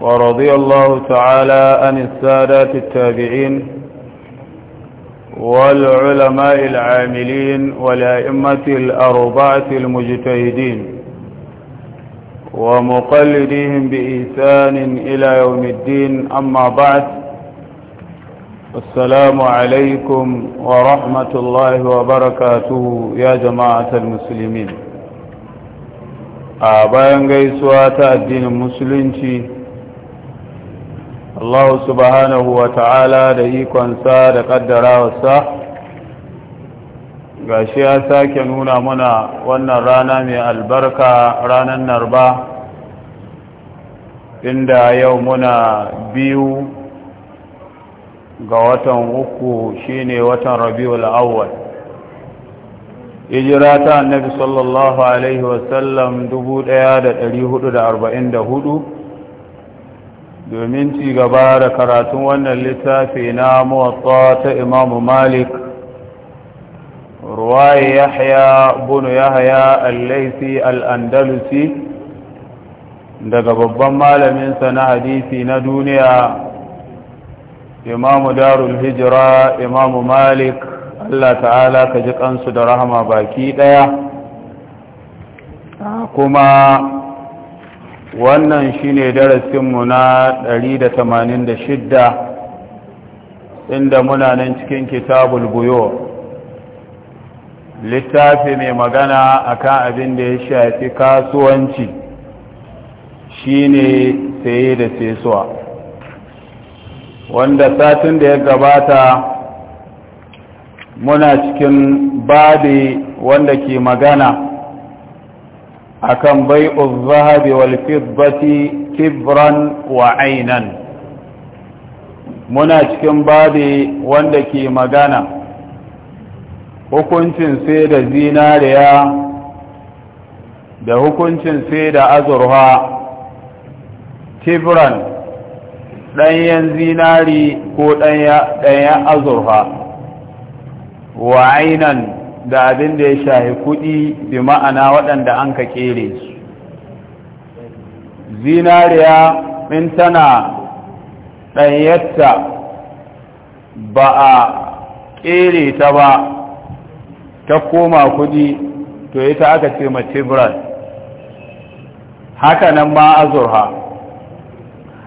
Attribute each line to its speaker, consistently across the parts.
Speaker 1: ورضي الله تعالى عن السادات التابعين والعلماء العاملين والأئمة الأربعة المجتهدين ومقلديهم بإيسان إلى يوم الدين أما بعد السلام عليكم ورحمة الله وبركاته يا جماعة المسلمين أبا ينقيسوا الدين المسلمين Allah subhanahu wa ta'ala da ikonsa da ƙaddarawarsa ga shi ya sake nuna muna wannan rana mai albarka ranar narba inda yau muna biyu ga watan uku shine watan rabiul awwal hijira ta annabi sallallahu alaihi wasallam hudu. domin ci gaba da karatun wannan littafi na muwatta ta imamu malik ruwaye yahya bunu yahya al al-andalusi daga babban malaminsa na hadisi na duniya imamu darul hijira imamu malik allah ta'ala ka ji kansu da rahama baki daya kuma wannan shine darasinmu na da 186 inda muna nan cikin kitabul buyo littafi mai magana akan abin da ya shafi kasuwanci shine saye da sesuwa wanda satin da ya gabata muna cikin babi wanda ke magana akan bai zahabi wal fiddati kibran wa ainan muna cikin babi wanda ke magana hukuncin sai da zinariya da hukuncin sai da azurha kibran ɗanyen zinari ko ɗanyen azurha wa ainan da abin da ya shahi kuɗi bi ma'ana waɗanda an ka ƙere su zinariya in tana ɗanyarta ba a ƙere ta ba ta koma kuɗi to ita aka ce matibral haka nan ma azurha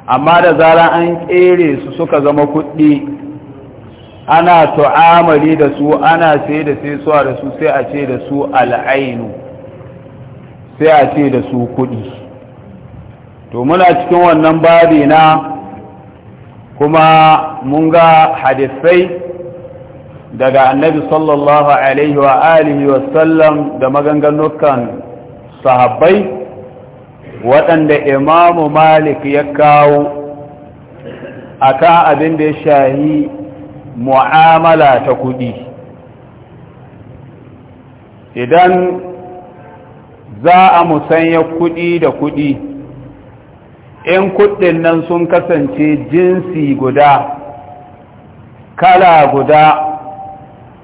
Speaker 1: amma da zara an ƙere su suka zama kuɗi ana tu'amari da su ana sai da sai suwa da su sai a ce da su al'ainu sai a ce da su kuɗi to muna cikin wannan babi na kuma mun ga hadisai daga annabi sallallahu alaihi wa alihi wa sallam da maganganukan sahabbai waɗanda imamu malik ya kawo akan abin da ya shahi mu'amala ta kuɗi idan za a musanya kuɗi da kuɗi in kuɗin nan sun kasance jinsi guda kala guda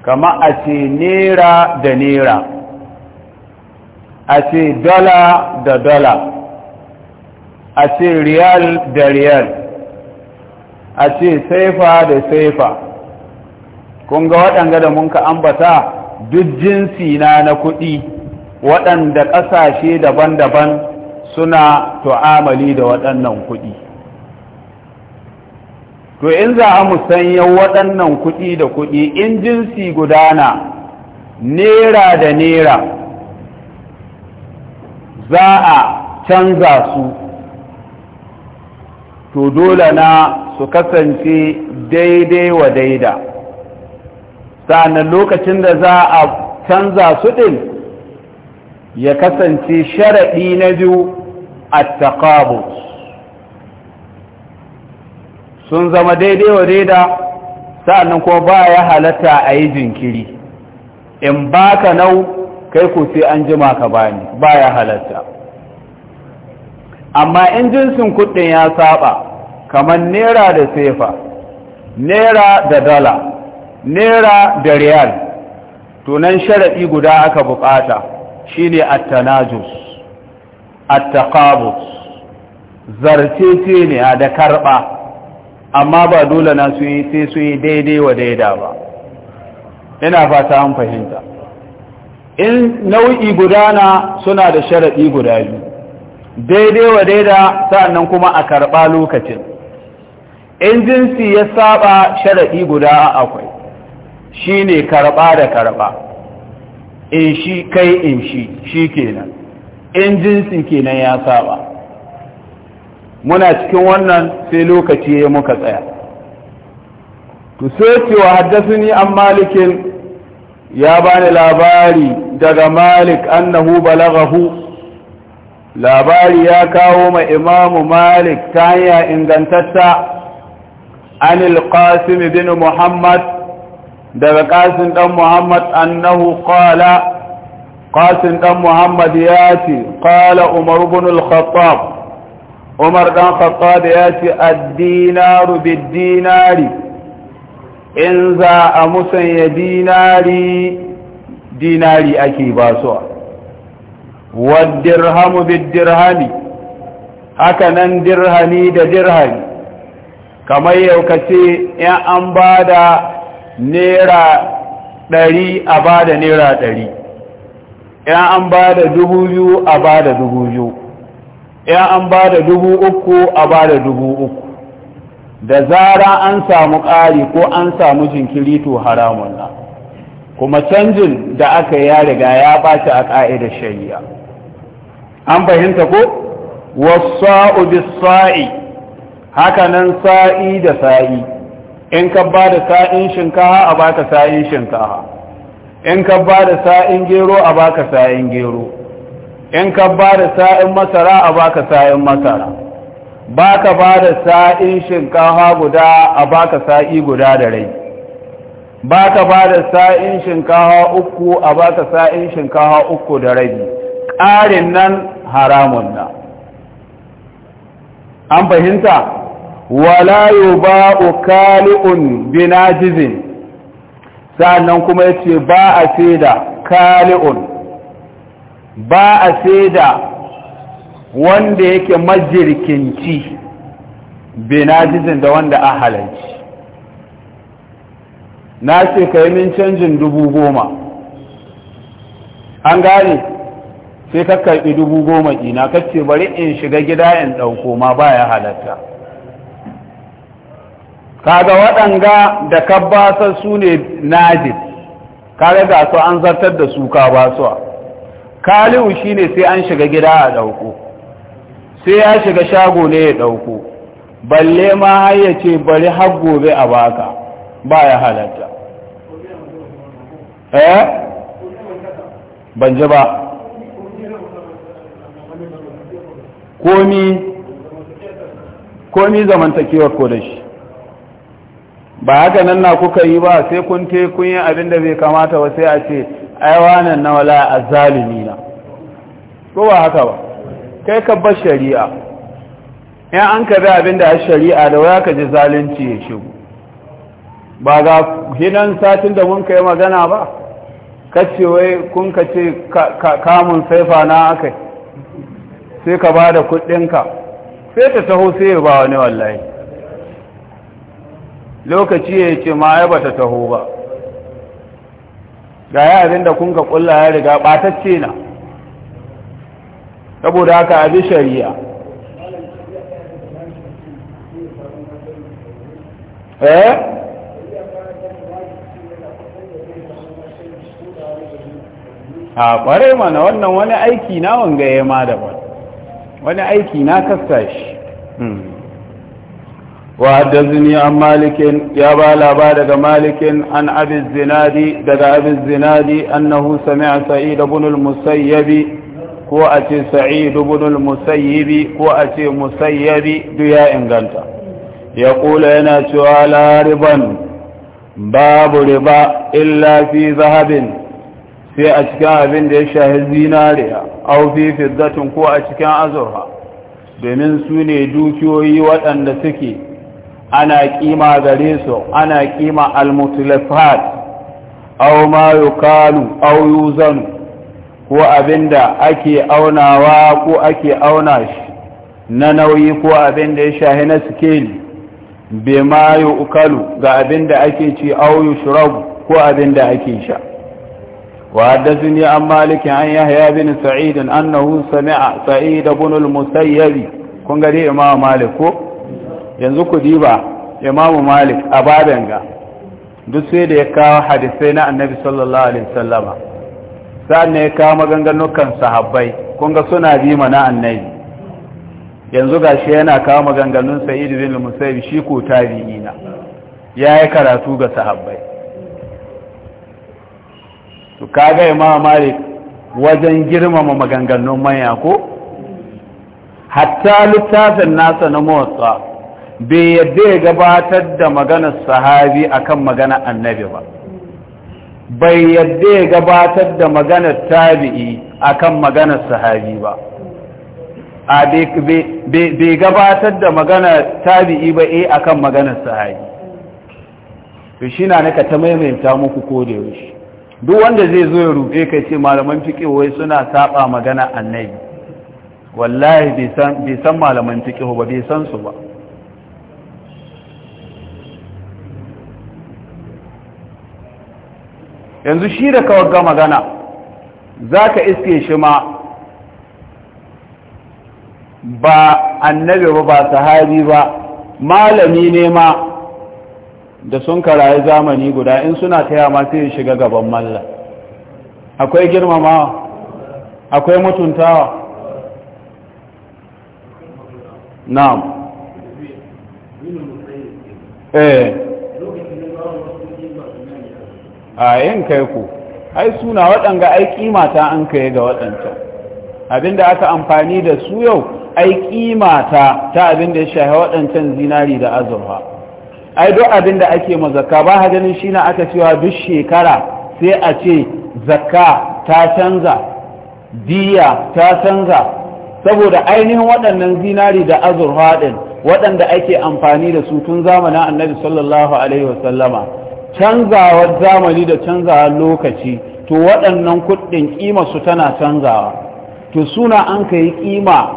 Speaker 1: kama a ce nera da nera a ce dala da dala a ce riyal da riyal a ce saifa da saifa kun ga waɗanda da munka ambata duk jinsi na na kuɗi waɗanda ƙasashe daban-daban suna tu'amali da waɗannan kuɗi to in za a musanya waɗannan kuɗi da kuɗi in jinsi gudana nera da nera za a canza su to dole na su kasance daidai wa daida sa'annan lokacin da za a canza su ɗin ya kasance sharaɗi na biyu a sun zama daidai wa daida sa'annan kuma ba ya halatta a yi jinkiri in ba ka nau kai ku sai an jima ka bani ba ya halatta amma in jinsin kuɗin ya saba kamar naira da sefa naira da dala naira da riyal tunan sharaɗi guda aka bukata shine attanajus ne a da karɓa amma ba dole na su yi su yi daidai wa daida ba ina fata an fahimta in nau'i gudana suna da sharaɗi guda biyu daidai wa daida sa'annan kuma a karɓa lokacin in jinsi ya saba sharaɗi guda akwai shi ne karɓa da karɓa in shi kai in shi shi kenan in jinsi kenan ya saba muna cikin wannan sai lokaci ya muka tsaya to sai cewa ni an malikin ya bani labari daga malik annahu balagahu labari ya kawo ma imamu malik ta hanya ingantatta anil qasim bin muhammad daga ƙasin ɗan muhammad annahu qala qasim ɗan muhammad yace ƙala umar ibn al-khattab umar dan khattab yace ad-dinaru bid-dinari in za a musanya dinari dinari ake basuwa wad dirhamu bid-dirhami haka nan dirhami da dirhami kamar yau ka ce in an ba da naira ɗari a ba da naira ɗari ya an ba da dubu biyu a ba da dubu biyu ya an ba da dubu uku a ba da dubu uku da zara an samu ƙari ko an samu jinkiri to haramun na kuma canjin da aka yi ya riga ya ɓaci a ƙa'idar shari'a an fahimta ko wasu sa'u bis sa'i hakanan sa'i da sa'i in ka ba da sa'in shinkaha a baka sa'in shinkaha in ka ba da sa'in gero a baka sa'in gero in ka ba da sa'in masara a baka sa'in masara ba ka ba da sa'in shinkaha guda a baka sa'i guda da rai ba ka ba da sa'in shinkaha uku a ba ka sa'in shinkaha uku da rabi ƙarin nan haramun na an fahimta wala yuba kali'un binajizin sannan kuma yace ba a saida kali'un ba a saida wanda yake majirkinci binajizin da wanda a halalci na ce ka yi min canjin dubu goma an gane sai ka karɓi dubu goma ina ka bari in shiga gida in ɗauko ma baya ya halatta kaga waɗanga da ka basar su ne najis kaga ga su an zartar da su ka su kalihu shine sai an shiga gida a ɗauko sai ya shiga shago ne ya ɗauko balle ma har ya ce bari har gobe a baka ba ya halatta eh
Speaker 2: ban ji ba komi
Speaker 1: komi zamantakewar ko da shi ba haka nan na kuka yi ba sai kun te kun yi abin da bai kamata ba sai a ce aiwanan na wala a zalimi na ko ba haka ba kai ka bar shari'a in an ka bi abin da a shari'a da waya ka ji zalunci ya shigo ba ga hinan satin da mun kai magana ba kace wai kun ka ce kamun saifa na akai sai ka ba da kuɗinka sai ta taho sai ba wani wallahi lokaci ya ce ma ya bata taho ba ga ya abin da kun ka kulla ya riga batacce na saboda haka abin shari'a eh a kwarai mana wannan wani aiki na wangaye ma daban wani aiki na kasta shi hmm. وحدثني malikin ya ba بالا daga malikin عن أبي الزنادي دقى أبي الزنادي أنه سمع سعيد بن المسيب ko a ce sa'idu bunul ko a ce musayyabi duya inganta ya kula yana cewa lariban babu riba illa fi zahabin sai a cikin abin da ya shahi zinariya au fi fiddatin ko a cikin azurfa domin sune dukiyoyi waɗanda suke ana kima gare su ana kima almutlafat aw ma yukalu aw yuzanu ko abinda ake aunawa ko ake auna shi na nauyi ko abinda ya shahi na sikeli be ma yukalu ga abinda ake ci aw yushrabu ko abinda ake sha وحدثني عن مالك عن يحيى بن سعيد أنه سمع سعيد بن المسيب كن قدي malik ko. yanzu ku diba Imam malik a ga duk sai da ya kawo hadisai na annabi sallallahu alaihi wasallama sa'an ne ya kawo maganganukan sahabbai kun ga suna bi na annabi yanzu gashi yana kawo maganganun Sa'idu bin musayyib shi ko tabi'ina yayi karatu ga sahabbai to kaga imamu malik wajen girmama maganganun manya ko hatta littafin nasa na motsa bai yadda ya gabatar da maganar sahabi akan magana annabi ba bai yadda ya gabatar da maganar tabi'i akan maganar sahabi ba a bai gabatar da maganar tabi'i ba eh akan maganar sahabi to shi na naka ta maimaita muku ko da yaushe duk wanda zai zo ya rufe kai ce malaman fiƙe wai suna saba magana annabi wallahi bai san malaman fiƙewa ba bai san su ba yanzu shi da kawar ga magana za ka iske shi ma ba annabi ba ba sahabi ba malami ne ma da sun karayi zamani guda in suna taya yama sai shiga gaban mallam akwai girmamawa akwai mutuntawa na'am eh a yin kai ku ai suna waɗanga ai kima ta an kai ga waɗancan abinda aka amfani da su yau ai kima ta ta abinda ya shahi waɗancan zinari da azurfa ai duk abinda ake ma zakka ba haganin shi na aka cewa duk shekara sai a ce zakka ta canza diya ta canza saboda ainihin waɗannan zinari da azurfa ɗin waɗanda ake amfani da su tun zamanin annabi sallallahu alaihi wasallama canzawar zamani da canzawar lokaci to waɗannan kuɗin ƙima su tana canzawa to suna an ka yi ƙima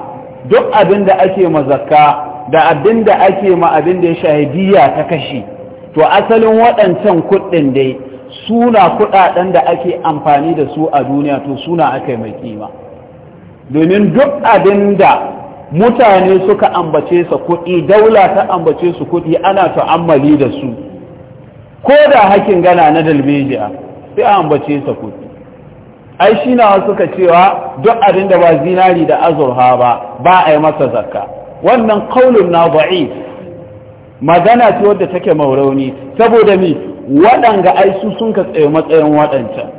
Speaker 1: duk abin da ake mazaka da abin da ake ma abin da ya shahidiyya ta kashi to asalin waɗancan kuɗin dai suna kuɗaɗen da ake amfani da su a duniya to suna aka yi mai ƙima domin duk abin da mutane suka ambace su kuɗi daula ta ambace su kuɗi ana ta'ammali da su ko da hakin gana na dalbejiya sai an bace sa kuɗi ai shi na wasu suka cewa duk abin da ba zinari da azurha ba ba a yi masa zakka wannan kaulun na ba'i magana ce wadda take maurauni saboda mi waɗanga ai su sun ka tsaye matsayin waɗancan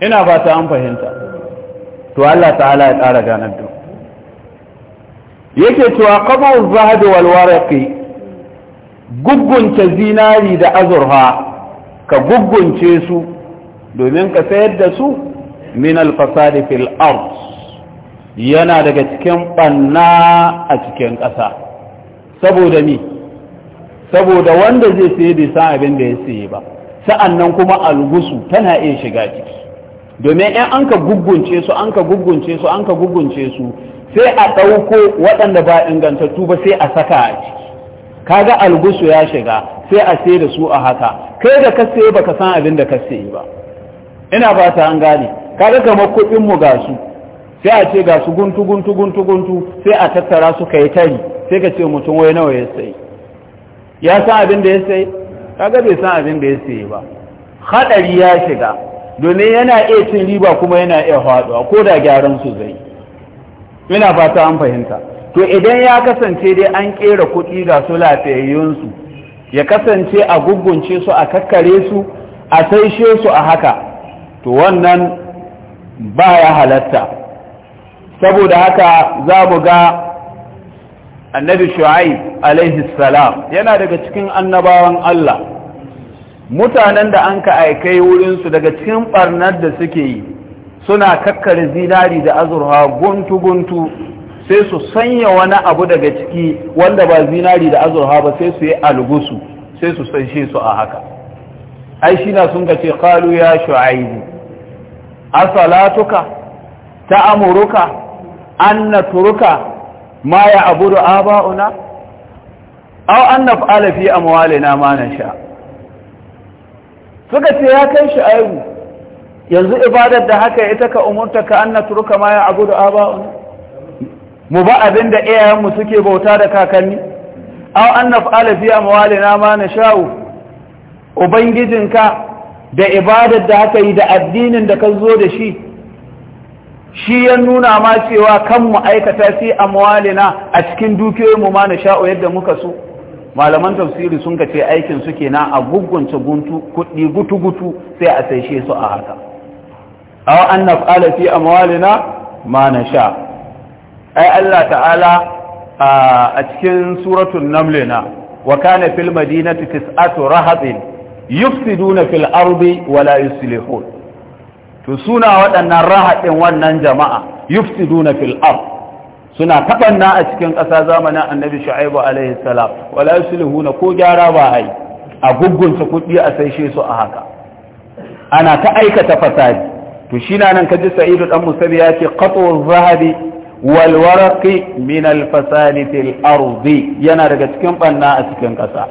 Speaker 1: ina ba ta an fahimta to Allah ta'ala ya ƙara ganar da yake cewa qabul zahab wal waraqi guggunce zinari da azurha ka guggunce su domin ka sayar da su min alfasadi fil ard yana daga cikin banna a cikin ƙasa saboda ni saboda wanda zai sayi da san abin da ya saye ba sa'annan kuma algusu tana iya shiga ciki domin in an ka guggunce su an ka guggunce su an ka guggunce su sai a ɗauko waɗanda ba ingantattu ba sai a saka a ciki kaga algusu ya shiga sai a sai da su a haka kai da ka sai baka san abin da ka sai ba ina ba ta an gane kaga kamar kuɗin mu gasu sai a ce ga guntu guntu guntu guntu sai a tattara su kai tari sai ka ce mutum wai nawa ya sai ya san abin da ya sai kaga bai san abin da ya sai ba
Speaker 2: hadari ya shiga
Speaker 1: domin yana iya cin riba kuma yana iya faduwa ko da gyaran su zai ina fata an fahimta to idan ya kasance dai an kera kuɗi ga su lafiyayyunsu ya kasance a gugunce su a kakkare su a saishe su a haka to wannan ba ya halatta saboda haka za mu ga annabi shu'aib alaihi salam yana daga cikin annabawan Allah mutanen da an ka aikai wurinsu daga cikin barnar da suke yi suna kakkare zinari da azurha guntu-guntu sai su sanya wani abu daga ciki wanda ba zinari da azurha ba sai su yi algusu sai su sanshe su a haka ai shi na sun gace qalu ya shu'aibu asalatuka ta'amuruka an naturuka ma ya abudu aba'una aw an naf'ala fi amwalina ma nasha suka ce ya kai shu'aibu yanzu ibadar da haka ita ka umurta ka an naturuka ma ya abudu aba'una mu ba abin da iyayenmu suke bauta da kakanni aw an naf'ala fi amwalina ma nasha'u ubangijinka da ibadar da aka yi da addinin da ka zo da shi shi ya nuna ma cewa kan mu aikata fi amwalina a cikin dukiyoyinmu ma nasha'u yadda muka so malaman tafsiri sun ka ce aikin su na a gugunta guntu kuɗi gutu-gutu sai a saishe su a haka aw an naf'ala fi amwalina ma nasha ai Allah ta'ala a cikin suratul namlina. na wa kana fil madinati tis'atu rahatin yufsiduna fil ardi wa la yuslihun to suna waɗannan rahatin wannan jama'a yufsiduna fil ard suna tabanna a cikin ƙasa zamanin annabi shu'aibu alaihi salam wa la yuslihuna ko gyara ba ai a gugunta kuɗi a saishe su a haka ana ta aikata fasadi to shi na nan kaji sa'idu dan musabi ya ce qatu zahabi walwaraki min alfasalitil ardi yana daga cikin banna a cikin ƙasa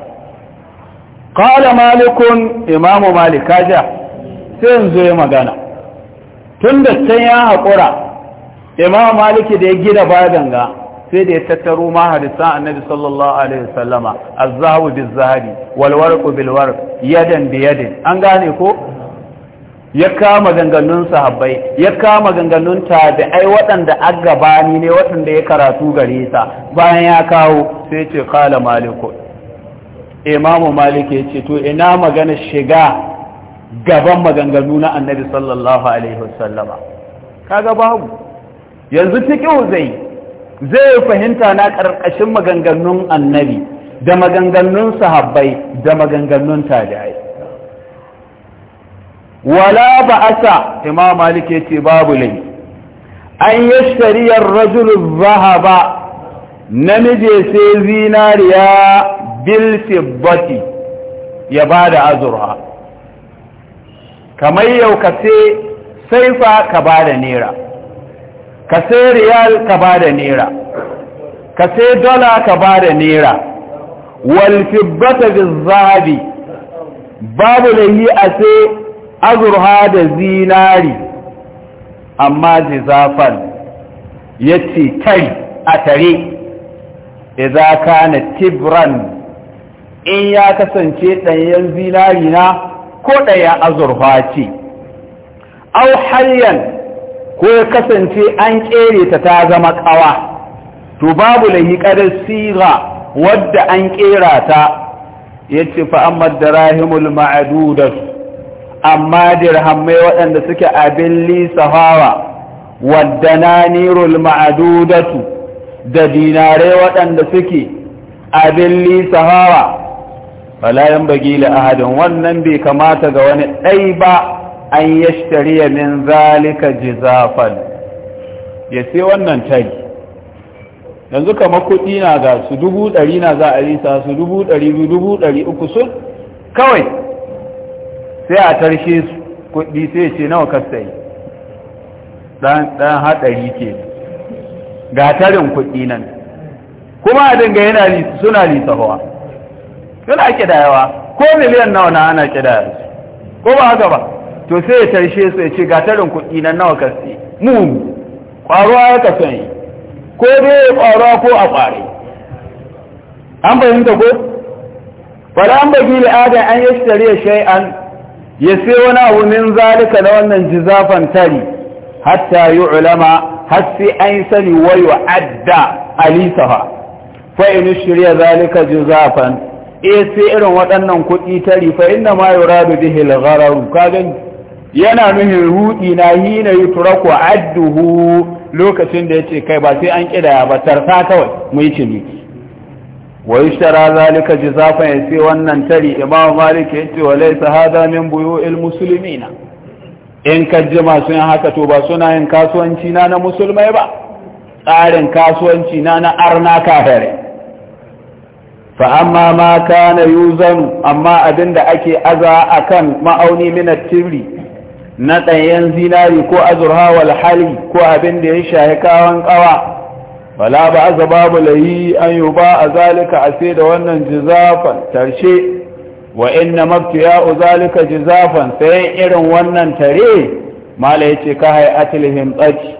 Speaker 1: qala malikun imamu malik kaja sai yanzu ya magana Tunda da can ya haƙura imamu maliki da ya gida bayan ga sai da ya tattaro ma hadisan annabi sallallahu alaihi wasallama az-zahabu biz-zahabi wal warqu bil yadan bi yadin an gane ko ya kama ganganun sahabbai ya kama ganganun tabi'ai waɗanda a gabani ne waɗanda ya karatu gare sa bayan ya kawo sai ce kala maliku imamu maliki ya to ina magana shiga gaban maganganu na annabi sallallahu alaihi wasallama kaga babu yanzu tiki zai zai fahimta na karkashin maganganun annabi da maganganun sahabbai da maganganun tabi'ai wala ba'asa imam malik yace babu lai an yashtari ar-rajul dhahaba namiji sai zinariya bil bati ya bada azurha kamar yau ka sai saifa ka bada naira ka sai riyal ka bada naira ka sai dola ka bada naira wal fiddata bata zahabi babu lahi a sai azurha da zinari amma zizafan ya ce kai a tare iza kana tibran in ya kasance ɗanyen zinari na ko ɗaya azurha ce au haryan ko ya kasance an ƙere ta ta zama ƙawa to babu lahi sira siga wadda an ƙera ta ya ce fa'ammar da rahimul ma'adudar amma dirhamai waɗanda suke abin lisafawa wadda na nirul ma'adudatu da dinarai waɗanda suke abin lisafawa yan bagi ahadin wannan bai kamata ga wani ɗai ba an yashtariya min zalika jizafan ya sai wannan tagi yanzu kama kuɗi na ga su dubu ɗari na za a risa su dubu ɗari dubu ɗari uku sun kawai sai a tarshe su kuɗi sai ce nawa ka sayi ɗan haɗari ke ga tarin kuɗi nan kuma a dinga yana suna lisahowa suna yawa ko miliyan nawa na ana da yawa ko ba haka ba to sai ya tarshe su ya ce ga tarin kuɗi nan nawa ka sayi mu kwaruwa ya ka yi ko dai ya ko a ƙware an fahimta ko fara an bagi da an yi shari'a shay'an ya sai wani abu min zalika na wannan jizafan tari hatta yi ulama har sai an sani wayo adda alisaha fa in shirya zalika jizafan eh sai irin waɗannan kuɗi tari fa inna ma yuradu bihi al-gharar ka yana nuhin rudi na hina yutraku adduhu lokacin da yace kai ba sai an kidaya ba tarsa kawai mu yi ciniki wa yushtara zalika ya yace wannan tari imam malik yace wa laisa hada min buyu'il muslimina in ka masu yin haka to ba suna yin kasuwanci na na musulmai ba tsarin kasuwanci na na arna kafare fa amma ma kana yuzan amma abinda ake aza akan ma'auni min at-tibri na ɗayan zinari ko azurha wal hali ko abin da ya shahi kawan kawa fala ba aza babu layi an yi ba a zalika a sai da wannan jizafan tarshe wa inna mabtiya u zalika jizafan sai irin wannan tare mala ce ka hai atilhim tsaki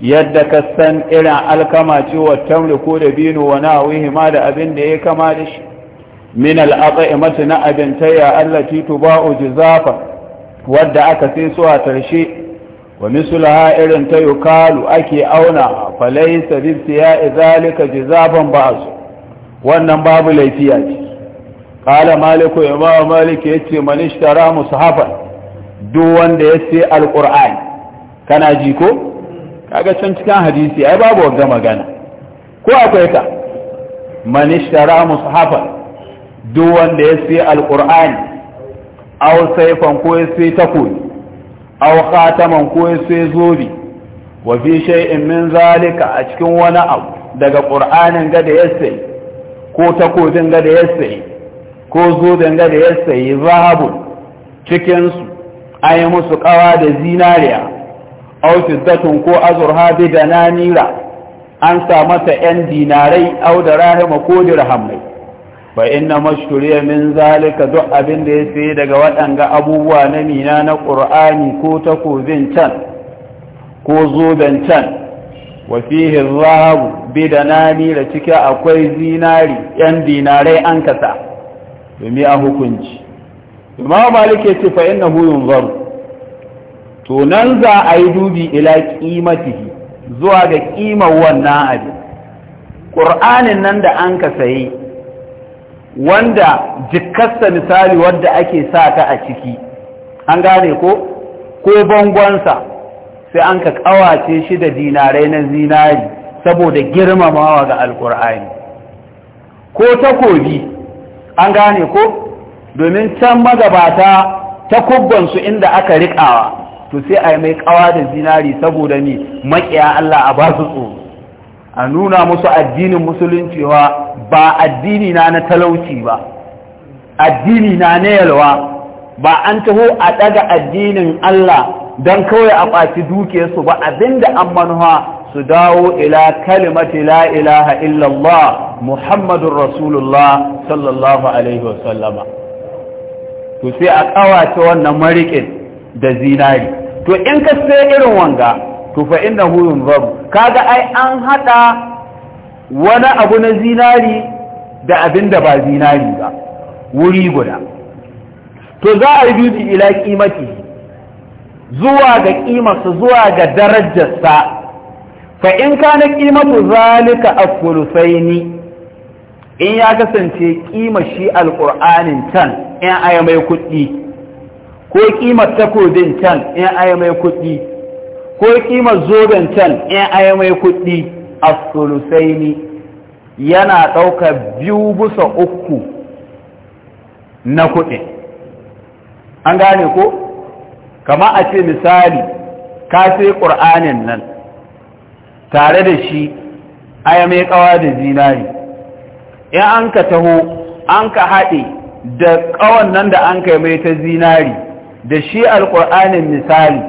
Speaker 1: yadda ka san irin alkama ce wa tamri ko da binu wa nawihi ma da abin da ya kama da shi min al'aqaimati na abintayya allati tuba'u jizafa wadda aka sai su a tarshe wa misulaha irin ta yukalu ake auna falai sabibti ya izalika jizafan ba'su wannan babu laifiya ce kala maliku imam malik yace man ishtara mushafan duk wanda yace alqur'ani kana ji ko kaga can cikin hadisi ai babu wanda magana ko akwai ta man ishtara mushafan duk wanda yace alqur'ani aw sayfan ko yace takobi aw khataman ko sai zobi wa fi shay'in min zalika a cikin wani abu daga qur'anin ga da yasse ko takobin ga da yasse ko zoben ga da yasse zahabu cikin su an musu kawa da zinariya aw fiddatun ko azurha bi nanira. an sa mata yan dinarai aw da rahima ko dirhamai fa inna mashuriya min zalika duk abin da ya sai daga waɗanga abubuwa na mina na ƙur'ani ko takobin can ko zoben can wa fihi zahabu bi da na da cike akwai zinari yan dinarai an kasa domin a hukunci imam malik yace fa innahu yunzaru to nan za a yi dubi ila qimatihi zuwa ga ƙimar wannan abin qur'anin nan da an ka sayi wanda jikarsa misali wadda ake sa ta a ciki an gane ko ko bangonsa sai an ka kawace shi da dinarai na zinari saboda girmamawa ga alkur'ani ko takobi an gane ko domin can magabata takubbansu inda aka riƙawa to sai a yi mai kawa da zinari saboda ne maƙiya Allah a basu su tsoro a nuna musu addinin musulunci wa ba addini na na talauci ba addini na na yalwa ba an taho a daga addinin Allah don kawai a ɓaci su ba abinda an manuwa su dawo ila kalimati la ilaha illallah muhammadun rasulullah sallallahu alaihi wasallama to sai a kawace wannan marikin da zinari to in ka sai irin wanga to fa inna huyun babu kaga ai an hada wani abu na zinari da abin da ba zinari ba wuri guda to za a yi duki ila kimati zuwa ga kimarsa zuwa ga darajarsa fa in na kimatu zalika afulusaini in ya kasance kimar shi alqur'anin can in aya mai kuɗi ko kimar takobin can in aya mai kuɗi ko kimar zoben can in aya mai kuɗi asulusaini yana ɗaukar biyu busa uku na kuɗi an gane ko kama a ce misali ka sai ƙur'anin nan tare da shi aya mai kawa da zinari in an ka taho an ka haɗe da ƙawan nan da an kai mai ta zinari da shi alƙur'anin misali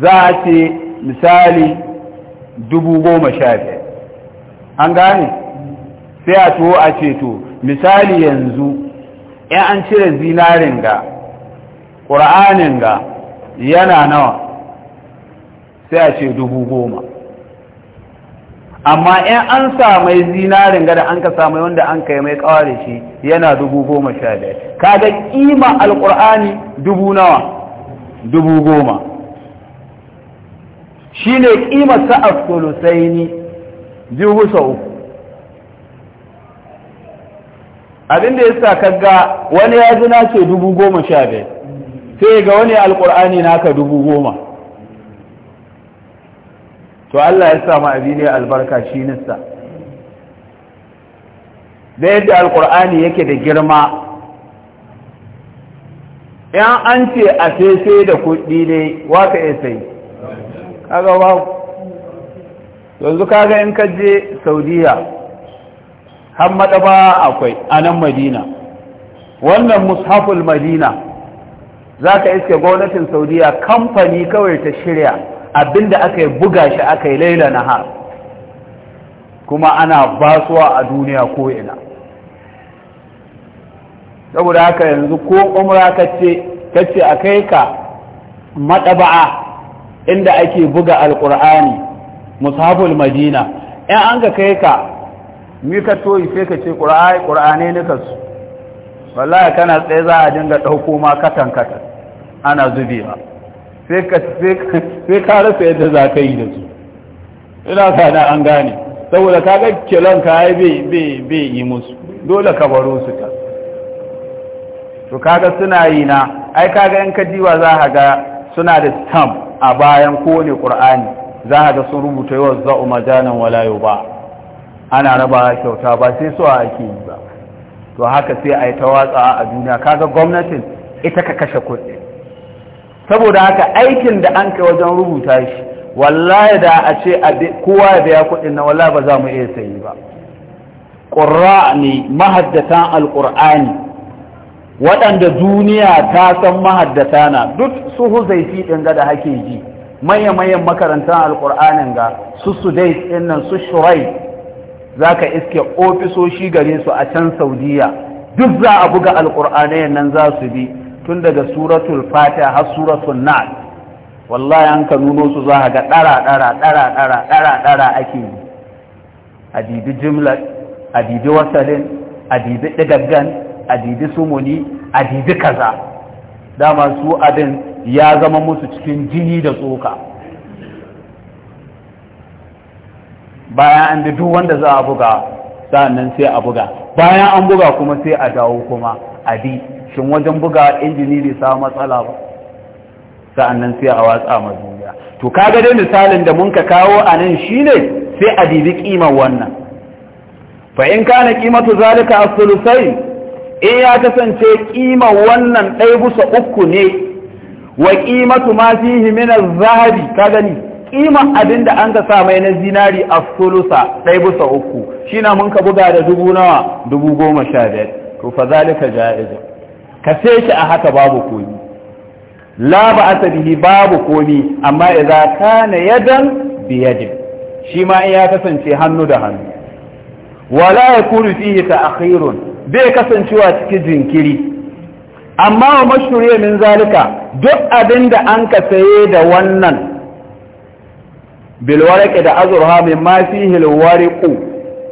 Speaker 1: za a ce misali dubu goma sha biyar an gane sai a tuwo a ceto misali yanzu in an cire zinarin ga ƙura'anin ga yana nawa sai a ce dubu goma amma in an samai zinarin ga da an ka samai wanda an kai mai da shi yana dubu goma sha biyar kaga kima alƙur'ani dubu nawa dubu goma shine ƙimar sa a solosai ne husa uku abin ya sa kaga wani ya ji na ce dubu goma sha biyar sai ga wani na naka dubu goma to Allah ya sa ma'abi ne albarka shi nista da yadda alkur'ani yake da girma yan an ce a sai da kuɗi ne waka ya sai kaga yanzu kaga in ka je saudiya har madaba akwai a nan madina wannan mushaful madina za ka iske gwamnatin saudiya kamfani kawai ta shirya abinda aka yi buga shi aka yi laila na har kuma ana basuwa a duniya ko'ina saboda haka yanzu ko umra kace ce a kai ka madaba'a inda ake buga alkur'ani mushabul madina in an ga kai ka mi ka toyi sai ka ce qur'ani qur'ane ne ka su wallahi kana tsaye za a dinga dauko ma katan katan ana zubewa sai ka sai ka rasa yadda za ka yi da su ina kana an gane saboda ka ga kilan ka ai bai yi musu dole ka baro su ta to kaga suna yi na ai kaga in ka diwa za ka ga suna da stamp a bayan kowane ƙur'ani za a ga sun rubuta yawan za'u majanan walayo ba ana raba kyauta ba sai so a ake yi ba to haka sai a yi ta watsa a duniya kaga gwamnatin ita ka kashe kuɗi saboda haka aikin da an kai wajen rubuta shi wallahi da a ce kowa ya biya kuɗin na wallahi ba za mu iya sayi ba Ƙur'a ne mahaddatan alƙur'ani waɗanda duniya ta san mahaddata na duk su fi ɗin ga da hake ji manya-manyan makarantar alƙur'anin ga su dai ɗin nan su shurai za ka iske ofisoshi gare su a can saudiya duk za a buga alƙur'anai nan za su bi tun daga suratul fatiha har suratul nas wallahi an ka nuno su za ga ɗara ɗara ɗara ɗara ɗara ɗara ake yi a dibi jimlar a dibi wasalin a dibi ɗigaggan a didi sumuni a didi kaza dama su abin ya zama musu cikin jini da tsoka bayan an duk wanda za a buga sa'annan sai a buga bayan an buga kuma sai a dawo kuma a shin wajen buga injini bai samu matsala ba sa'annan sai a watsa ma duniya to kaga dai misalin da mun ka kawo a nan shine sai a kima wannan fa in kana qimatu zalika as in ya kasance kima wannan ɗaya busa uku ne wa qimatu ma fihi min az ka gani kima abinda an ka sa mai na zinari a sulusa ɗaya busa uku shi na mun ka buga da dubu nawa dubu goma sha biyar to fa zalika ja'iz ka sai shi a haka babu komi la ba asabihi babu komi amma idza kana yadan biyadin shi ma in ya kasance hannu da hannu wala yakunu ta ta'khirun bai kasancewa cikin jinkiri amma wa mashuriya min zalika duk abin da an ka saye da wannan bilwarake da azurha min ma fihi ku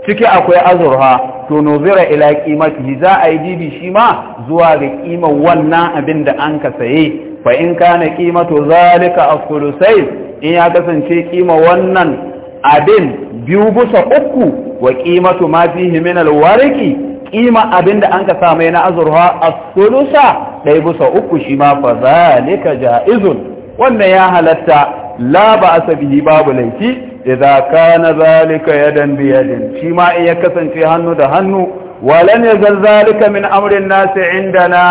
Speaker 1: ciki akwai azurha to nuzira ila qimatihi za a yi bibi shi ma zuwa ga kimar wannan abin da an ka saye fa in kana qimatu zalika as-sulusay in ya kasance kima wannan abin biyu bisa uku wa ƙimatu ma fihi min alwariqi ima abinda an ka samai na azurfa a sulusa ɗaya bisa uku shi ma fa zalika jaizun wannan ya halatta la ba asabihi babu laifi idza kana zalika yadan bi yadin shi ma in ya kasance hannu da hannu walan yazal zalika min amrin nas indana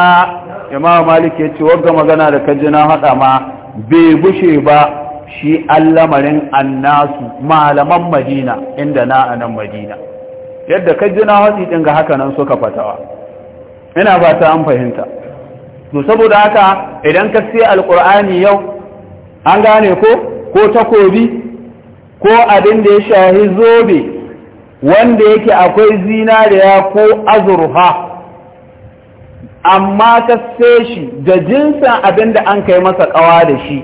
Speaker 1: imam malik ce wagga magana da kaji na hada ma bai bushe ba shi allamarin annasu malaman madina inda na anan madina yadda ka jina na watsi din ga haka nan suka fatawa ina fata an fahimta to saboda haka idan ka sai alqur'ani yau an gane ko ko takobi ko abin da ya shahi zobe wanda yake akwai zinariya ko azurfa amma ka sai shi da jinsin abin da an kai masa kawa da shi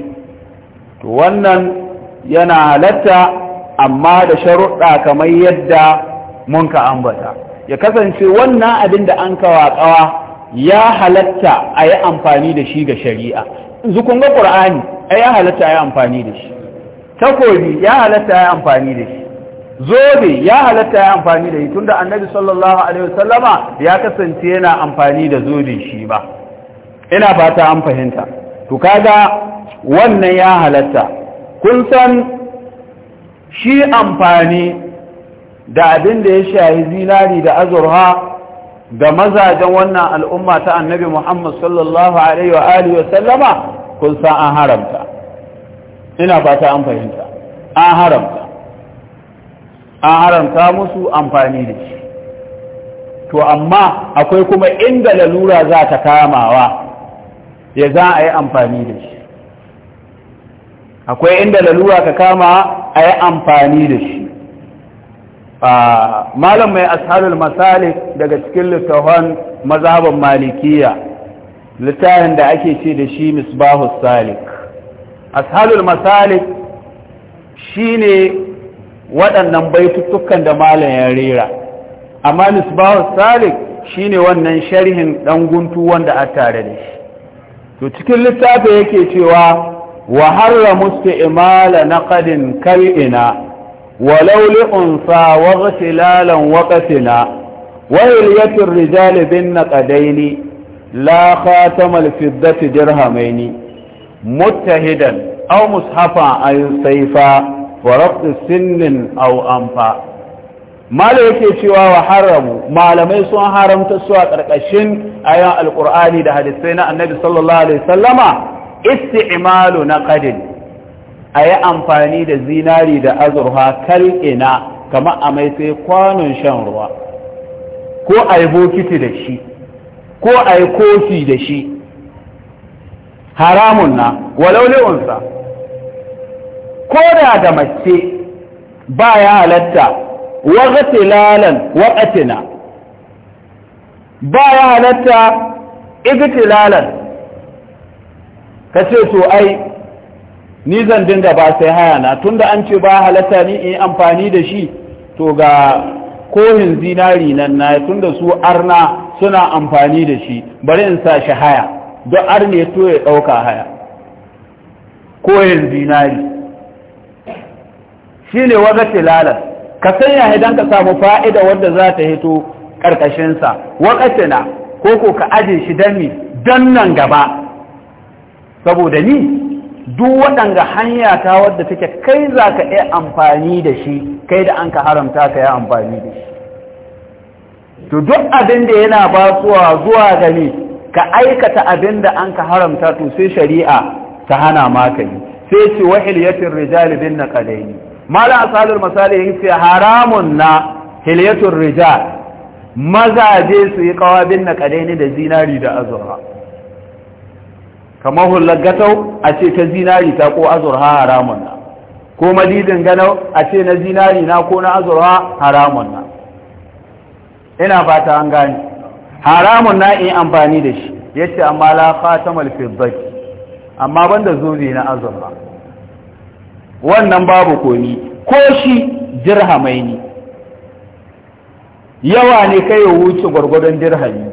Speaker 1: to wannan yana halatta amma da sharuɗa kamar yadda mun ka ambata ya kasance wannan abin da an kawa ya halatta a yi amfani da shi ga shari'a kun ga ƙur'ani a ya halatta a yi amfani da shi takobi ya halatta a yi amfani da shi zobe ya halatta a yi amfani da shi tunda annabi sallallahu alaihi wasallama ya kasance yana amfani da zobe shi ba ina fata an fahimta to kaga wannan ya halatta kun san shi amfani da abin da ya shahi zinari da azurha ga mazajen wannan al'umma ta annabi Muhammad sallallahu Alaihi wa Alihi sallama, kun san an haramta ina fata an fahimta an haramta an haramta musu amfani da shi to amma akwai kuma inda lalura za ta kamawa ya za a yi amfani da shi akwai inda lalura ka kama a yi amfani da shi malam mai ashalul masalik daga cikin littafan mazhabin malikiya littafin da ake ce da shi misbahus salik ashalul masalik shine waɗannan baitukkan da malam ya rera amma misbahus salik shine wannan sharhin ɗan guntu wanda a tare da shi to cikin littafin yake cewa wa harra musta naqadin kal'ina ولو لأنصى واغتلالا وقتلا وإلية الرجال بالنقدين لا خاتم الفضة درهمين متهدا أو مصحفا أي سيفا وربط سن أو أنفا mala yake cewa wa haramu malamai sun haramta su a ƙarƙashin ayan alƙur'ani da hadisai na annabi sallallahu alaihi sallama isti'malu na qadin a yi amfani da zinari da azurfa kal'ina kama a mai sai kwanon shan ruwa ko a yi bokiti da shi ko a yi kofi da shi haramun na walaulewunsa ko da da mace ba ya halatta lalan waqtina ba ya halatta ka kace to ai ni zan dinga ba sai haya na tunda an ce ba halatta ni in amfani da shi to ga kohin zinari nan na tunda su arna suna amfani da shi bari in sa shi haya don arne to ya ɗauka haya kohin zinari shi ne waga tilala ka sanya idan ka samu fa'ida wanda za ta hito ƙarƙashinsa wakati ko ko ka aje shi don ni don nan gaba saboda ni duk waɗanda hanya ta wadda take kai za ka iya amfani da shi kai da an ka haramta ka yi amfani da shi to duk abin da yana basuwa zuwa gani ka aikata abin da an ka haramta to sai shari'a ta hana maka yi sai ce wahiliyatin rijal bin na kadaini mala asalul misali yin ce haramun na hilyatun rijal mazaje su yi kawa na kadaini da zinari da azurra kamar hullar gatau a ce ta zinari ta ko azurha haramun na ko madidin ganau a ce na zinari na ko na azurha haramun na ina fata an gane haramun na in amfani da shi yace amma la khatamal fiddati amma banda zobe na azurfa wannan babu komi ko shi dirhamai ne yawa ne kai ya wuce gwargwadon dirhami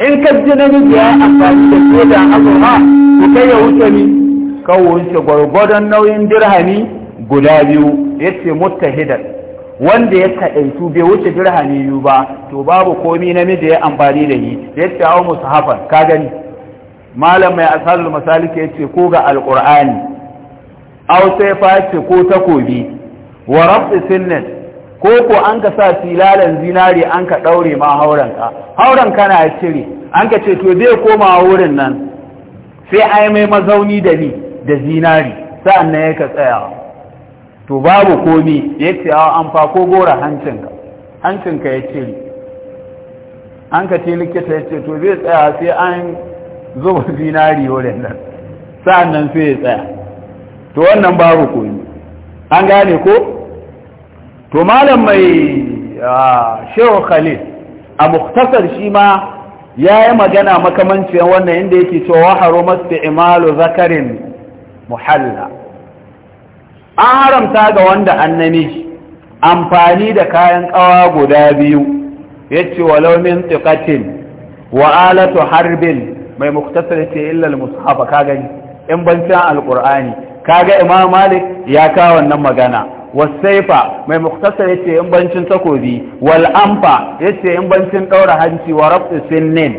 Speaker 1: in ka ji namiji ya amfani da sojan azurfa ku kai ya wuce ni ka wuce gwargwadon nauyin dirhami guda biyu ya ce muttahidan wanda ya kaɗaitu bai wuce dirhami biyu ba to babu komi namiji ya amfani da yi ya ce hau musu hafan ka gani malam mai asalul masalika ya ce ko ga alƙur'ani au sai face ko takobi wa rafi sinnet ko ko an ka sa filalan zinari an ka ɗaure ma haurenka haurenka na cire an ka ce to zai koma wurin nan sai a yi mai mazauni da ni da zinari sa'an nan ya ka tsaya to babu komi ya ce a an fa ko gora hancinka hancinka ya cire an ka ce likita ya ce to zai tsaya sai an zuba zinari wurin nan sa'an nan sai ya tsaya to wannan babu komi an gane ko to malam mai shehu khalil a muktasar shi ma ya yi magana makamancin wannan inda yake cewa haruma isti'malu zakarin muhalla an haramta ga wanda annani amfani da kayan kawa guda biyu yace walau min tiqatin wa alatu harbin mai muktasar ce illa al-mushafa ka gani in bancin alqur'ani kaga imam malik ya ka wannan magana wasaifa mai muktasa yace in bancin takobi wal yace in bancin daura hanci wa rabtu sinnin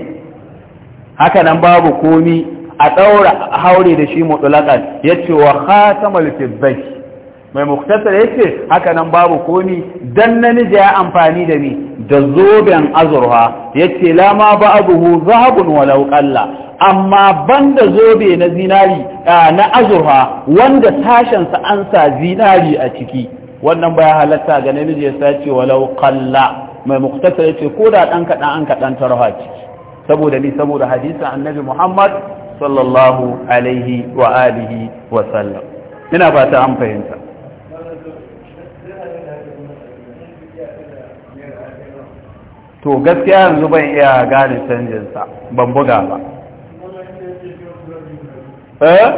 Speaker 1: haka nan babu komi a daura haure da shi mutlaqan yace wa khatamal zai. mai muktasar ya ce haka nan babu komi dan namiji ya amfani da ni da zoben azurha ya ce lama ba abuhu zahabun walau kalla amma banda zobe na zinari na azurha wanda tashansa an sa zinari a ciki wannan baya halatta ga namiji ya sace walau kalla mai muktasar ya ce ko da ɗan kaɗan an kaɗan tarha ciki saboda ni saboda hadisin annabi muhammad sallallahu alaihi wa alihi wa sallam ina fata an fahimta to gaskiya yanzu ban iya gane canjinsa ban buga ba eh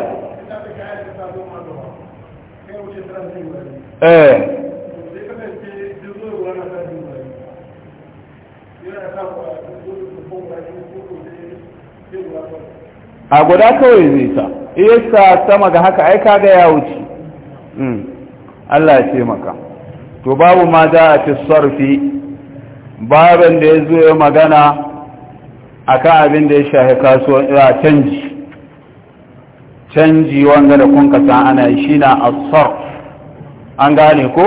Speaker 1: eh a guda kawai zai sa iya sama ga haka ai kaga ya wuce hmm. Allah ya ce maka to babu ma za a fi sarfi baban da ya zo ya magana a kan abin da ya shahi kasuwa canji canji wanga da kun kasa ana shi na asar an gane ko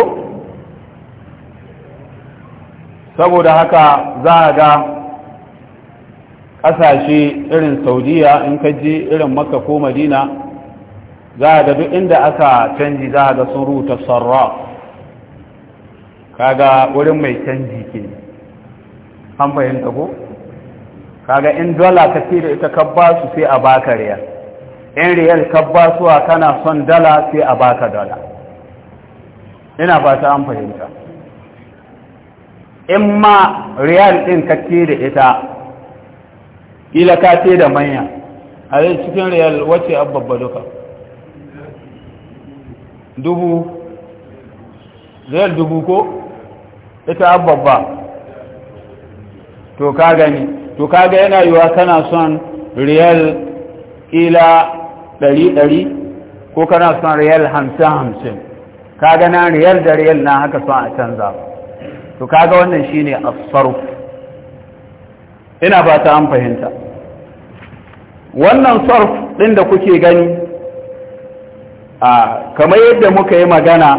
Speaker 1: saboda haka za a ga ƙasashe irin saudiya in ka je irin maka ko madina za a ga duk inda aka canji za a ga sun rubuta sarraf kaga wurin mai canji ke an fahimta ko kaga in dala ka da ita ka ba su sai a baka riyal in riyal ka ba su a kana son dala sai a baka dala ina ta an fahimta in ma riyal din ka da ita kila ka ce da manya a zai cikin riyal wacce an babba duka dubu riyal dubu ko ita an babba to ka gani to kaga yana yiwa kana son riyal ila ɗari-ɗari ko kana son riyal hamsin-hamsin ka gana riyal da riyal na haka son a canza to ka ga wannan shine asfaru ina ba ta an fahimta wannan sarf ɗin da kuke gani a kamar yadda muka yi magana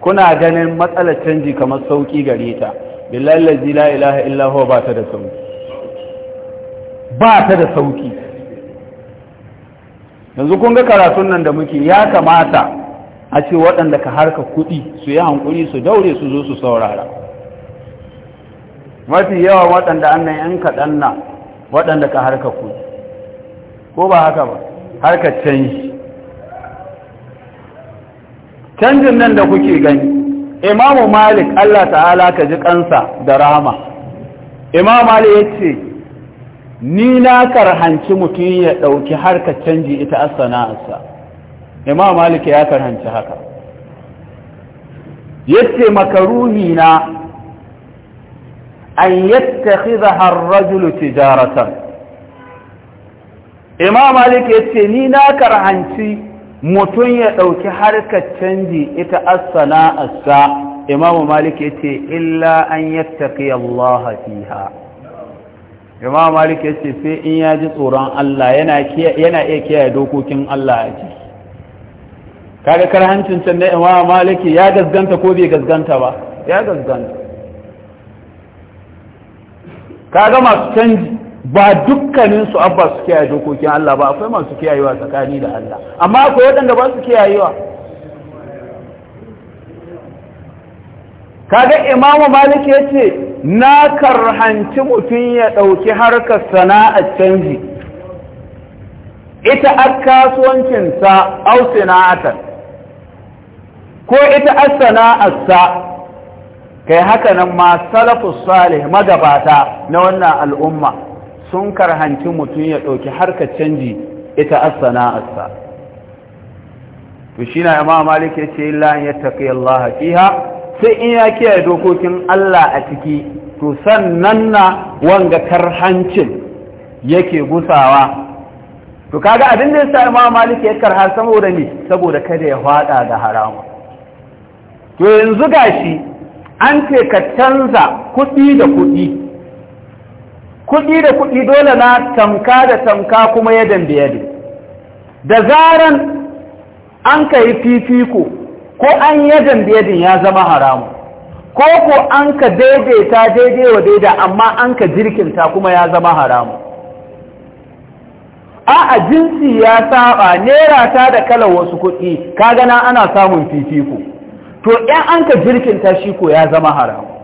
Speaker 1: kuna ganin matsalar canji kamar sauƙi gare ta billahi la ilaha illa huwa ba ta da sauki ba ta da sauki yanzu kun ga karatun nan da muke ya kamata a ce waɗanda ka harka kuɗi su yi hankuri su daure su zo su saurara mafi yawa waɗanda annan yan kaɗan na waɗanda ka harka kuɗi ko ba haka ba harka canji canjin nan da kuke gani imamu malik Allah ta'ala ka ji kansa da rama imamu malik ya ce ni na karhanci mutum ya ɗauki harkar canji ita asana'arsa imamu malik ya karhanci haka ya ce makaruhi na an yadda harrajulu tijaratan imamu malik ya ce ni na karhanci mutum ya ɗauki harkar canji ita asana asa imamu malik ya ce illa an yattaki Allah fiha imamu malik ya ce sai in ya ji tsoron Allah yana iya kiyaye dokokin Allah a ciki kaga karhancin can na imamu maliki ya gazganta ko bai gazganta ba ya gazganta kaga masu canji ba dukkanin su abba su kiyaye dokokin Allah ba akwai masu kiyayewa tsakani da Allah amma akwai waɗanda ba su kiyayewa kaga imamu malik ya ce na karhanci mutum ya ɗauki harkar sana'ar canji ita a kasuwancinsa au sana'atar ko ita a sana'arsa kai haka nan ma salafus salih magabata na wannan al'umma sun karhanci mutum ya ɗauki harka canji ita asana to shi na malik ya ce illa ya tafi Allah fiha sai in ya kiyaye dokokin Allah a ciki to sannan na wanga karhancin yake gusawa to kaga abin da ya sa ma malik ya karha saboda ni saboda kada ya faɗa da haramun to yanzu gashi an ce ka canza kuɗi da kuɗi kuɗi da kuɗi dole na tamka da tamka kuma ya dambiya da zaran an ka yi fifiko ko an yi dambiyadin ya zama haramu ko ko an ka daidaita daidai wa daida amma an ka jirkinta kuma ya zama haramu a a jinsi ya saba nera ta da kalar wasu kuɗi kagana ana samun fifiko to 'yan an ka jirkinta shi ko ya zama haramu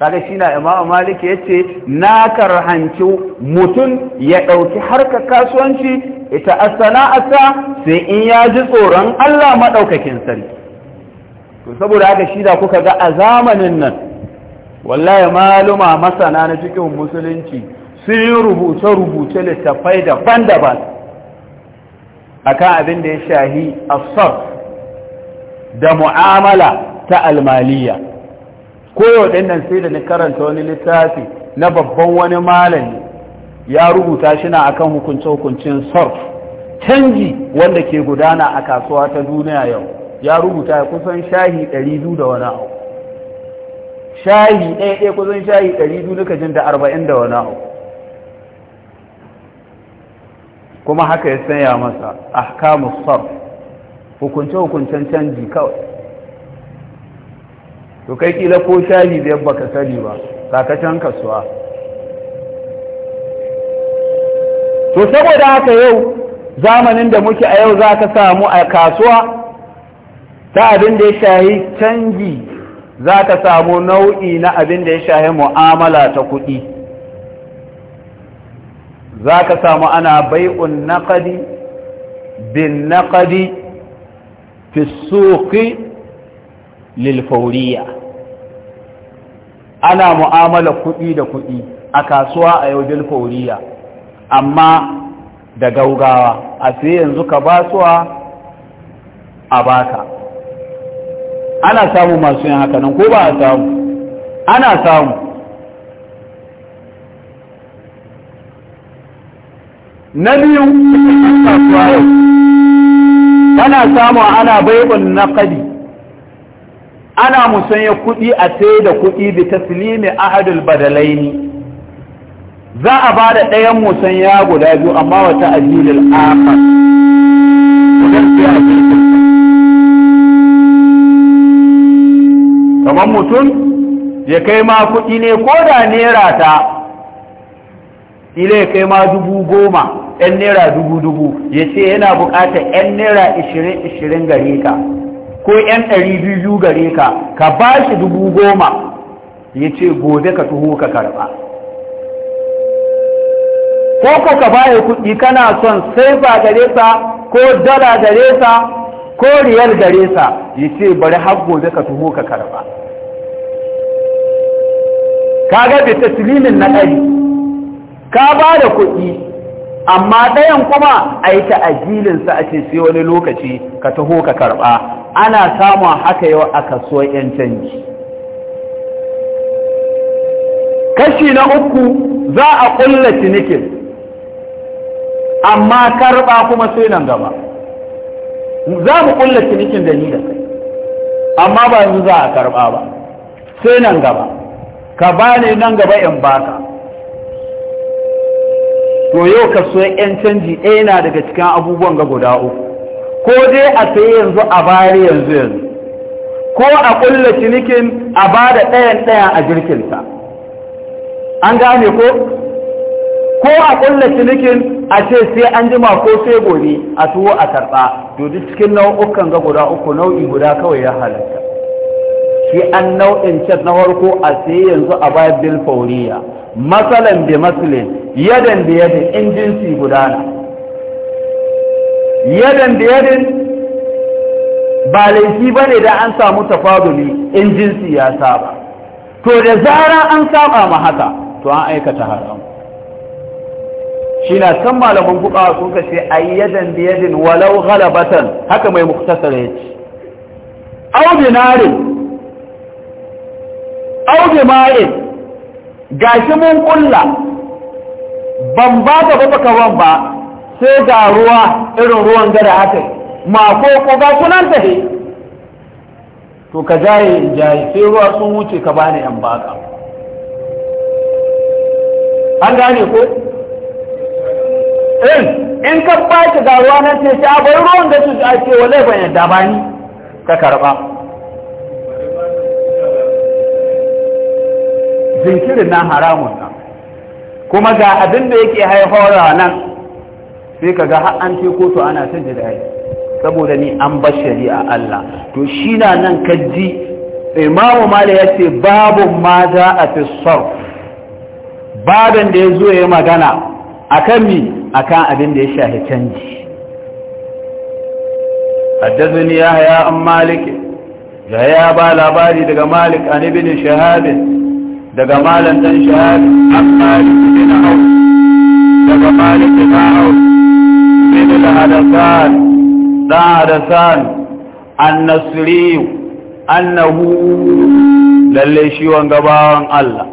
Speaker 1: kaga shi na imamu maliki ya ce na karhanci mutum ya ɗauki harka kasuwanci ita a sana'arsa sai in ya ji tsoron allah maɗaukakin sarki to saboda haka shi da kuka ga a zamanin nan wallahi maluma masana na cikin musulunci sun yi rubuce-rubuce littattafai daban-daban akan abin da ya shahi asar da mu'amala ta almaliya koyo din nan sai da ni karanta wani littafi na babban wani malami ya rubuta shi na akan hukunce-hukuncin surf canji wanda ke gudana a kasuwa ta duniya yau ya rubuta ya kusan shahi 200 da wani abu shahi ɗaya ɗaya kusan shahi 200 duka jin da 40 da wani abu kuma haka ya sanya masa ahkamu sarf hukunce-hukuncen canji kawai to kai kila ko shayi ba ka sani ba kakacin kasuwa to saboda haka yau zamanin da muke a yau za ka samu a kasuwa ta abin da ya shayi canji za ka samu nau'i na abin da ya shayi mu'amala ta kuɗi za ka samu ana bai'un naƙadi bin naƙadi fi suƙi lilfauriya ana mu'amala kuɗi da kuɗi a kasuwa a yau dilforiya amma da gaugawa a sai yanzu ka basuwa a baka ana samu masu yin haka nan ko ba a samu ana samu na biyu ana samu ana na kadi ana musanya kuɗi a sai da kuɗi bi taslimi ahadul badalaini za a ba da ɗayan musanya guda biyu amma wata ajilil akhar kamar mutum ya kai ma kuɗi ne ko da naira ta ile ya kai ma dubu goma 'yan naira dubu dubu ya ce yana bukatar 'yan naira ishirin ishirin gare ka ko yan ɗari biyu gare ka ka ba shi dubu goma ya ce gobe ka tuho ka karɓa ko ka ka baya kuɗi kana son saifa gare sa ko dala gare sa ko riyal gare sa ya ce bari har gobe ka tuho ka karɓa ka ga bi taslimin na ɗari ka ba da kuɗi amma ɗayan kuma a yi ta'ajilinsa a ce sai wani lokaci ka taho ka karɓa ana samun haka yau a kaso 'yan canji kashi na uku za a ƙulla cinikin amma karɓa kuma sai nan gaba za mu ƙulla cinikin da ni da kai amma ba yanzu za a karɓa ba sai nan gaba ka ba ne nan gaba in baka to yau ka so yan canji ɗaya na daga cikin abubuwan ga guda uku ko dai a sayi yanzu a bayar yanzu yanzu ko a ƙulla cinikin a ba da ɗayan ɗayan a jirkinsa an gane ko ko a ƙulla cinikin a ce sai an jima ko sai gobe a tuwo a karɓa to duk cikin nau'ukan ga guda uku nau'i guda kawai ya halatta shi an nau'in can na farko a sai yanzu a bayar bil fauriya masalan bi masalin yadan da yadin in jinsi gudana yadan da yadin ba laifi ba ne da an samu tafaduli in jinsi ya saba to da zara an saba ma haka to an aikata haram shi na san malaman ce a yi yadan da yadin walau ghalabatan haka mai muktasar ya ce audinarin audimarin gashi mun kulla ban ba ka ba baka ban ba sai ga ruwa irin ruwan gada haka ma ko ko ga kunan ta he to ka jaye jaye sai ruwa sun wuce ka bani yan baka an gane ko in eh, in ka ba ga ruwa nan sai ta bar ruwan da su a ce wallahi ban yadda ba ni ka karba jinkirin na haramun kuma ga abin da yake haifarwa nan sai ka ga har an ce kotu ana ta jidai saboda ni an bar shari'a Allah to shi na nan kaji imamu mali ya ce babu ma za a fi sarf babin da ya zo ya yi magana kan mi kan abin da ya shahi canji حدثني يحيى عن مالك يحيى با labari daga Malik an ibn Shahab daga malam dan shahar an malik bin auf daga malik bin auf bin al-hadasan da hadasan an-nasri annahu lalle shi wanga bawan Allah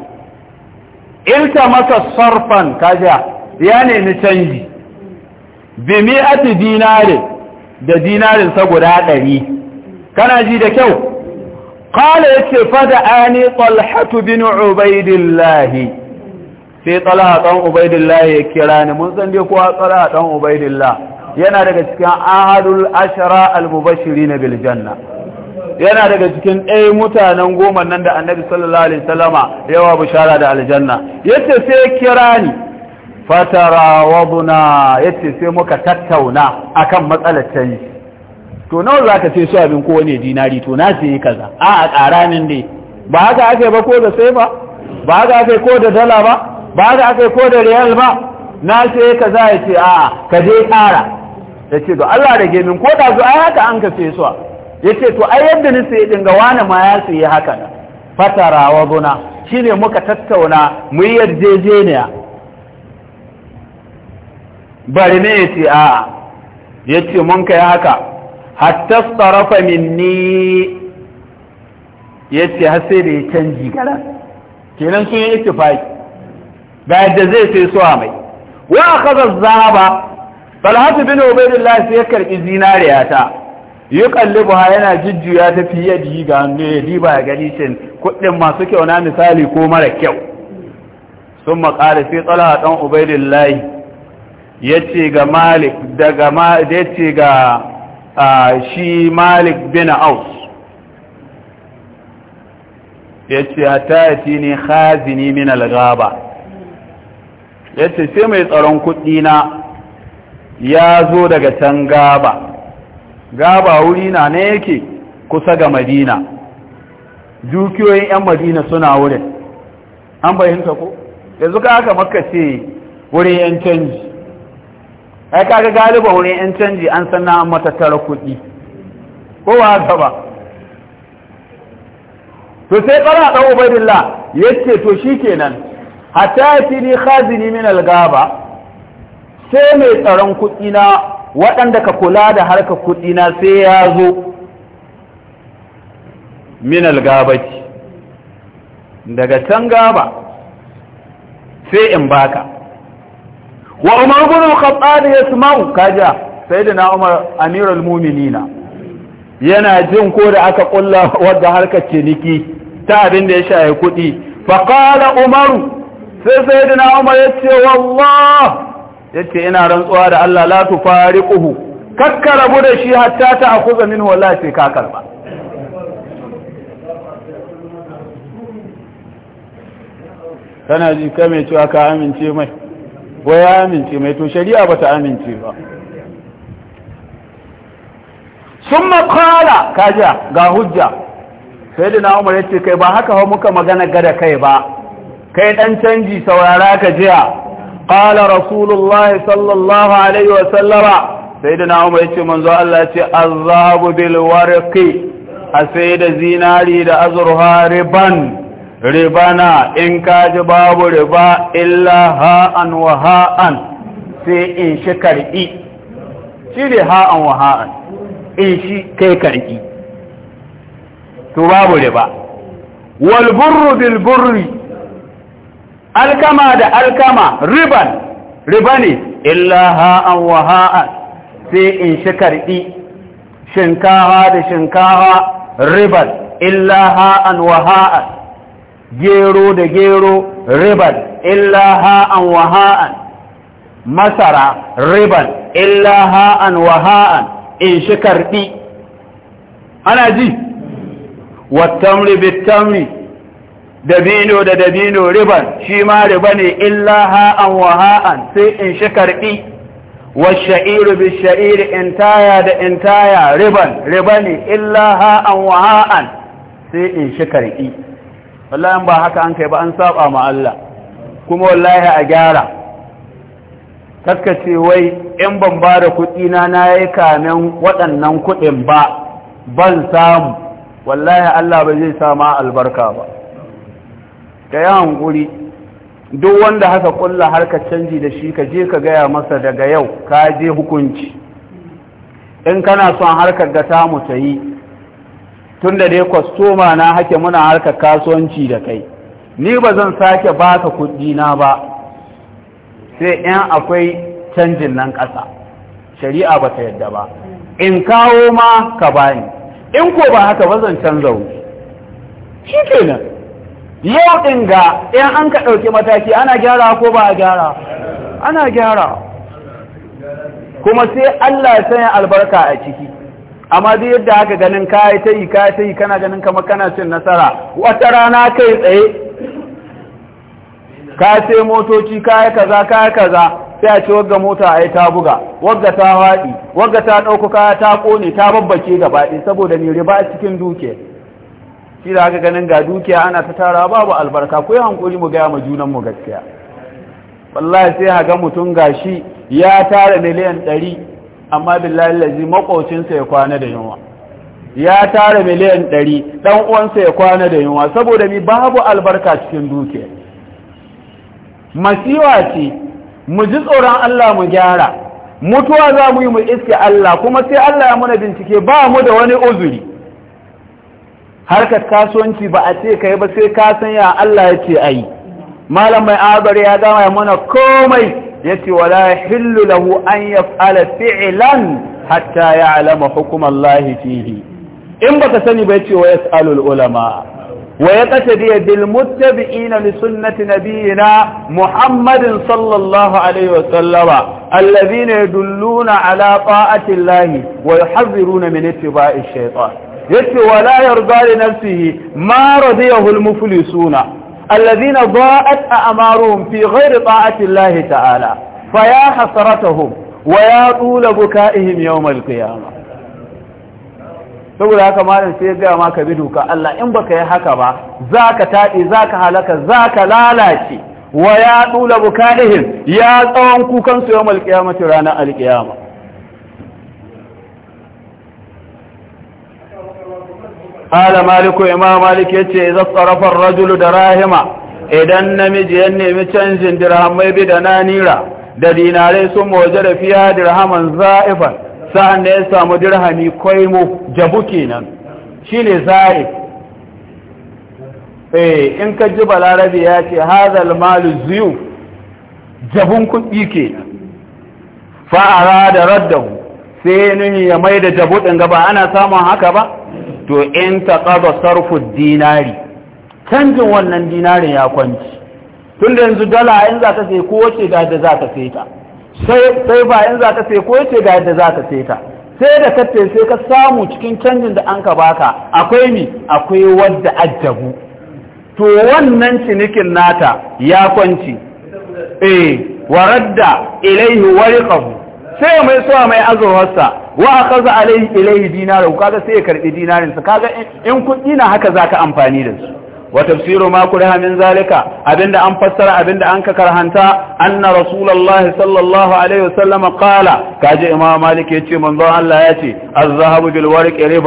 Speaker 1: ilta masa sarfan kaja ya nemi canji bi mi'ati dinare da dinarin sa guda ɗari kana ji da kyau kala ya ce fada ani talhatu bin ubaidillahi sai talha ɗan ubaidillahi ya kira ni mun san dai kuwa talha ɗan ubaidillah yana daga cikin ahadul ashara al-mubashiri na biljanna yana daga cikin ɗaya mutanen goma nan da annabi sallallahu alaihi sallama yawa bishara da aljanna yace sai kira ni fatara wabuna yace sai muka tattauna akan matsalar canji to nawa za ka ce su abin wani dinari to na sai kaza a a ƙara nan dai ba haka aka ba ko da sai ba ba haka aka ko da dala ba ba haka aka ko da riyal ba na sai kaza ya ce a ka je ƙara ya ce to Allah da gemin ko da zu ai haka an ka sai su ya ce to ai yadda ni sai dinga wani ma ya sai haka na fatara wa buna shine muka tattauna mu yi yarjejeniya bari ne ya ce a ya ce mun kai haka hatta tsarafa minni ya ce har sai da ya canji gara kenan sun yi ittifaki ga yadda zai sai suwa mai wa a akhadha zaba talhatu bin ubaydillah sai ya karbi zinariya ta yuqallibu ha yana jujjuya ta fi yadi ga hannu ya diba ya gani shin kuɗin masu kyau na misali ko mara kyau sun maƙala sai tsala ɗan ubaidullahi ya ce ga malik daga ya ce ga shi malik bin aus ya ce ta yi ne hazini min algaba ya ce sai mai tsaron na ya zo daga can gaba gaba wuri na na yake kusa ga madina dukiyoyin 'yan madina suna wurin an bayyanta ko yanzu ka aka maka wurin 'yan canji ai kaga galiba wurin yan canji an san na matattara kuɗi ko ba haka ba to sai ƙara ɗan ubaidillah ya ce to shi kenan hatta ya ni khazini min algaba sai mai tsaron kuɗi na waɗanda ka kula da harka kuɗi na sai ya zo min algabaci daga can gaba sai in baka wa umar ibn al-khattab yasma'u kaja sayyidina umar amirul mu'minina yana jin ko da aka kulla wadda harkar ciniki ta abin da ya shaye kuɗi fa qala umar sai sayyidina umar yace wallah yace ina rantsuwa da Allah la tufariquhu kakka rabu da shi hatta ta akuza minhu wallahi sai ka karba kana ji kame cewa ka amince mai wai ya amince mai to shari'a ba ta amince ba sun makara kajiya ga hujja sai da na'umar ya ce kai ba haka hau muka magana gada kai ba kai dan canji saurara ka jiya ƙala rasulullahi sallallahu alaihi wasallara sai da na'umar ya ce manzo Allah ce azabu bil a sai da zinari da azurha riban ribana in ka ji babu riba illa ha'an wa ha'an sai in shi karɓi shi ne ha'an wa ha'an in shi kai karɓi to babu riba wal bilburri alkama da alkama riban riba ne illa ha'an wa ha'an sai in shi karɓi shinkawa da shinkawa riban illa ha'an wa ha'an gero da gero riban illa ha'an wa ha'an masara riban illa ha'an wa ha'an in shi karbi ana ji wattamri bittamri dabino da dabino riban shi ma riba ne illa ha'an wa ha'an sai in shi karbi والشعير بالشعير انتايا دا انتايا ربا ربني إلا هاء وهاء سيئن شكرئي wallahi ba haka an kai ba an saba ma Allah kuma wallahi a gyara kaskace wai in ban ba da kuɗi na na yi kamen waɗannan kuɗin ba ban samu wallahi Allah ba zai sama albarka ba ka yi hankuri duk wanda haka kulla harkar canji da shi ka je ka gaya masa daga yau ka je hukunci in kana son harkar ga ta ta yi tun da dai kwastoma na hake muna harka kasuwanci da kai ni ba zan sake baka kudina na ba sai yan akwai canjin nan ƙasa shari'a ba ta yadda ba in kawo ma ka bani in ko ba haka ba zan canza wuce shi nan. yau ɗin ga ɗayan an ka ɗauki mataki ana gyara ko ba a gyara ana gyara kuma sai Allah ya sanya albarka a ciki amma duk yadda aka ganin kayi ta yi kayi ta yi kana ganin kamar kana cin nasara wata rana kai tsaye ka ce motoci kayi kaza kayi kaza sai a ce wagga mota ai ta buga wagga ta haɗi wagga ta ɗauko kaya ta kone ta babbake gaba ɗaya saboda ne riba cikin dukiya shi da haka ganin ga dukiya ana ta tara babu albarka ko hankuri mu gaya ma junan mu gaskiya wallahi sai ga mutum gashi ya tara miliyan ɗari amma billahi lazi makocinsa ya kwana da yunwa ya tara miliyan ɗari ɗan uwansa ya kwana da yunwa saboda mi babu albarka cikin dukiya masiwa ce mu ji tsoron Allah mu gyara mutuwa za mu yi mu iske Allah kuma sai Allah ya muna bincike ba mu da wani uzuri harkar kasuwanci ba a ce kai ba sai ka san ya Allah ya ce ayi malam mai azar ya gama ya mana komai yace wala hillu lahu an yaf'ala fi'lan hatta ya'lama hukm Allah fihi in baka sani ba yace wa yas'alu ulama wa yaqtadi bil muttabi'in li sunnati nabiyyina Muhammadin sallallahu alayhi wa sallama alladhina yadulluna ala ta'ati Allah wa yuhadhiruna min ittiba'i ash-shaytan yace wala yarda li nafsihi ma radiyahu al-muflisuna الذين ضاءت أعمارهم في غير طاعة الله تعالى فيا حسرتهم ويا طول بكائهم يوم القيامة saboda haka malam sai ya gaya maka bi doka Allah in baka yi haka ba zaka taɗi zaka halaka zaka lalace wa ya ɗula bukaihim ya tsawon kukan su yawmal ranar alqiyama ala maliku imam malik ya ce za tsarafar rajulu rahima idan namiji ya nemi canjin dirhamai bi da nanira da dinarai sun waje da fiya dirhaman za'ifan sa'an da ya samu dirhami mu jabu kenan shine za'if eh in ka ji balarabi ya ce hazal malu ziyu jabun kuɗi kenan fa'ara da raddahu sai nuni ya mai da jabu ɗin gaba ana samun haka ba to in ta ƙaba sarfu dinari canjin wannan dinarin ya kwanci tun da yanzu dala in za ka sai ko wace ga yadda za ka sai ta sai ba in za ka sai ko wace ga yadda za ka sai ta sai da ka sai ka samu cikin canjin da an ka baka akwai ni akwai wadda ajabu to wannan cinikin nata ya kwanci eh waradda ilaihi wariqahu sai ya mai suwa mai azurwarsa wa a kaza alaihi ilaihi dinarin kaga sai ya karbi dinarinsa, kaga in kuɗi na haka zaka amfani da su wa tafsiru ma kuriha min zalika abinda an fassara abinda an ka karhanta anna rasulullah sallallahu alaihi wasallam qala kaje imam malik yace manzo Allah yace az-zahabu bil warqi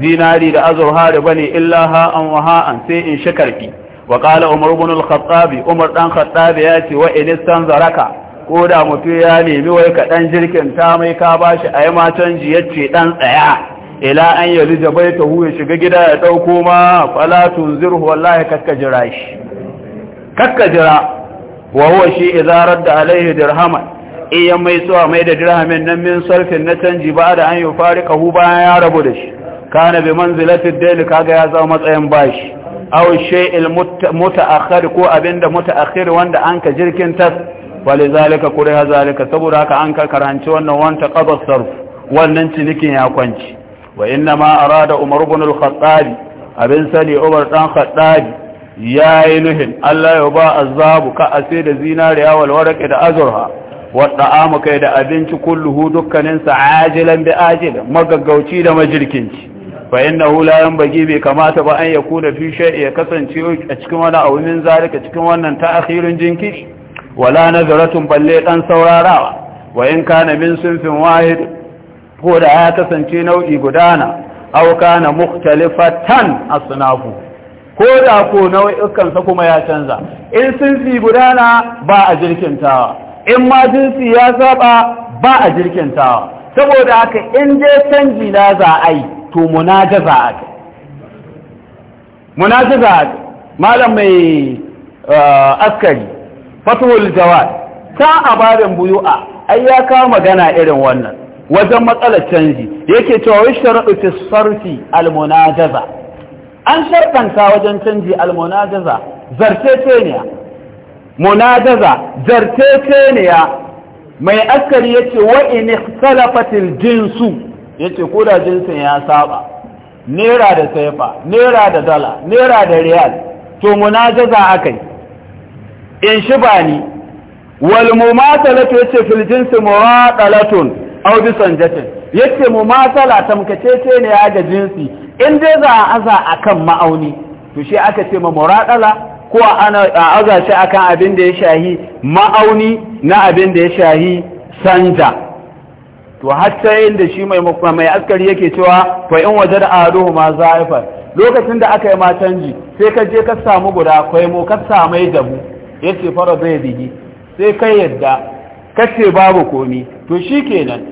Speaker 1: zinari da azurha riba ne illa ha'an wa ha'an sai in shakarki wa qala umar ibn al umar dan khattab yace wa in zaraka. ko da mutum ya nemi wai kaɗan jirgin jirkin ta mai ka ba shi a yi matan jiyacce ɗan tsaya ila an yi lija bai ta huye shiga gida ya ɗauko ma falatun zirhu wallahi kakka jira shi kakka jira wa huwa shi izarar da alaihi dirhaman iya mai tsuwa mai da dirhamin nan min sarfin na canji ba da an yi fari kahu bayan ya rabu da shi kana bi manzilatin daily kaga ya zama matsayin bashi aw shay'il ko abinda mutaakhir wanda anka jirkin tas wale zalika kure ha zalika saboda haka an ka karanci wannan wanta qada sarf wannan cinikin ya kwanci wa inna ma arada umar ibn al-khattab abin sani umar dan khattab yayi nuhin Allah ya ba azabu ka ase da zinariya wal warqi da azurha wa da'amu kai da abinci kulluhu dukkanin sa ajilan bi ajil magaggauci da majirkinci fa innahu la yanbaghi bi kamata ba an yakuna fi shay'i ya kasance a cikin wani abu min zalika cikin wannan ta'khirun jinkiri wala na nazaratun balle dan saurarawa wa in kana min sunfin wahid ko da ya kasance nau'i gudana na muktalifatan a asnafu ko da ko nau'ikan kuma ya canza in sunfi gudana ba a jirkintawa in ma jinsi ya saba ba a jirkintawa saboda haka in je canji na za a yi to munaja za a kai munaja za a malam mai eh, askari fatuhul jawad ta a babin buyu'a ai ya kawo magana irin wannan wajen matsalar canji yake cewa wai sharuɗu fi sarfi almunajaza an sharɗanta wajen canji almunajaza zarteceniya munajaza ya? mai askari yace wa in ikhtalafatil jinsu yace ko da jinsin ya saba nera da saifa nera da dala nera da riyal to munajaza akai in shi ba ni wal mumathalatu yace fil jinsi muraqalatun aw bi sanjatin yace mumathala tamkacece ne ya ga jinsi in dai za a aza akan ma'auni to shi aka ce ma muraqala ko ana aza shi akan abin da ya shahi ma'auni na abin da ya shahi sanja to hatta inda shi mai mai askari yake cewa fa in wajada aruhu ma za'ifa lokacin da aka yi matanji sai ka je ka samu guda kwaimo ka samai dabu yace fara zai bihi sai kai yadda kace babu komi to shikenan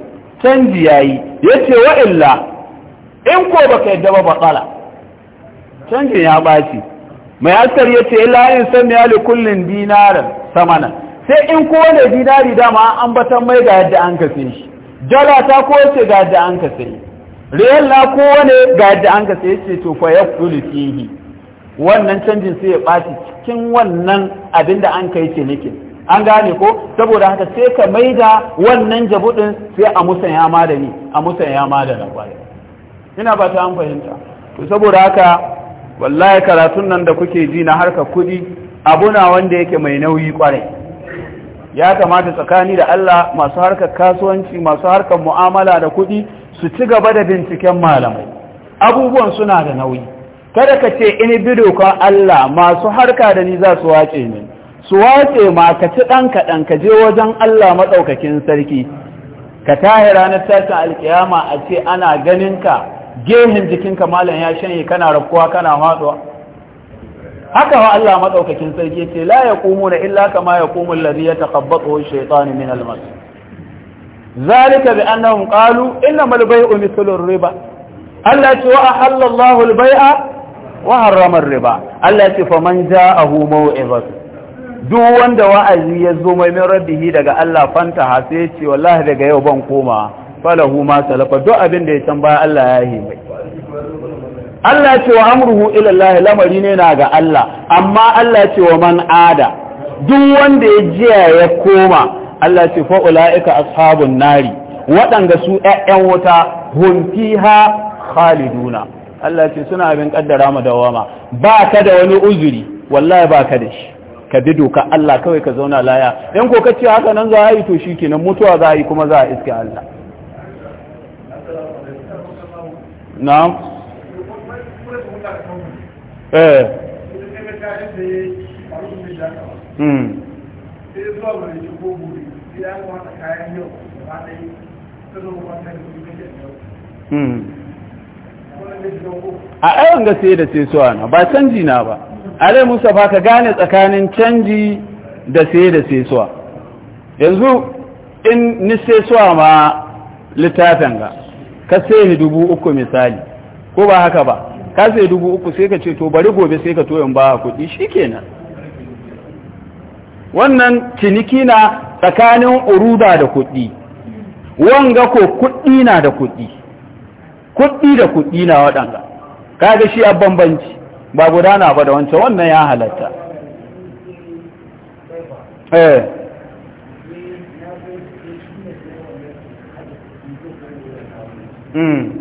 Speaker 1: canji yayi yace wa illa in ko baka yadda ba batsala canjin ya baci mai askar yace illa in sami li kullin dinaran samana sai in ko kowane dinari dama an batan mai ga yadda an kace shi jala ta ko yace ga yadda an kafe riyal ko wani ga yadda an kace ce to fa ya fihi wannan canjin sai ya baci cikin wannan abin da an kai nake an gane ko saboda haka sai ka da wannan jabudin sai a musanya ma da ni a musanya ma da labari ina ba ta an fahimta to saboda haka wallahi karatun nan da kuke ji na harka kuɗi, abu na wanda yake mai nauyi kwarai ya kamata tsakani da Allah masu harkar kasuwanci masu harkar mu'amala da kuɗi su ci gaba da binciken malamai abubuwan suna da nauyi kada ka ce in bido ka Allah masu harka da ni za su wace ni su wace ma ka ci ɗan kaɗan ka je wajen Allah maɗaukakin sarki ka tahi ranar tashin alkiyama a ce ana ganin ka gehen jikinka malam ya shanye kana rakuwa kana matsuwa haka wa Allah maɗaukakin sarki ce la ya kumu da illa kama ya kumu lari ya taƙabbato shaitani min almas zalika bi annahum qalu innamal bai'u mithlu riba Allah ce wa ahalla Allahu al-bai'a wa harramar riba Allah ya ce fa man ja'ahu maw'izatu duk wanda wa'azi ya zo mai min rabbihi daga Allah fanta ha sai ce wallahi daga yau ban koma falahu ma salafa duk abin da ya tambaya Allah ya yi mai Allah ce wa amruhu ila Allah lamari ne na ga Allah amma Allah ya ce wa man ada duk wanda ya jiya ya koma Allah ya ce fa ulaika ashabun nari waɗanda su ƴaƴan wuta hunfiha khaliduna Allah ya ce suna abin kaddara mu dawama ba ka da wani uzuri wallahi ba ka da shi ka bi doka Allah kawai ka zauna laya dan ko ka ce haka nan za a yi to kenan mutuwa za a yi kuma za a iske Allah na'am eh hmm Hmm. a ɗayan ga da sai suwa na ba canji na ba alai ba ka gane tsakanin canji da sai da sai suwa yanzu in ni sai suwa ma littafin ga ka sai dubu uku misali ko ba haka ba ka sai dubu uku sai ka ce to bari gobe sai ka toyin ba kuɗi shi kenan wannan ciniki na tsakanin uruda da kuɗi wanga ko kuɗi na da kuɗi kuɗi da kuɗi na waɗanda kaga shi a bambanci ba gudana ba da wancan wannan ya halatta eh
Speaker 2: hmm.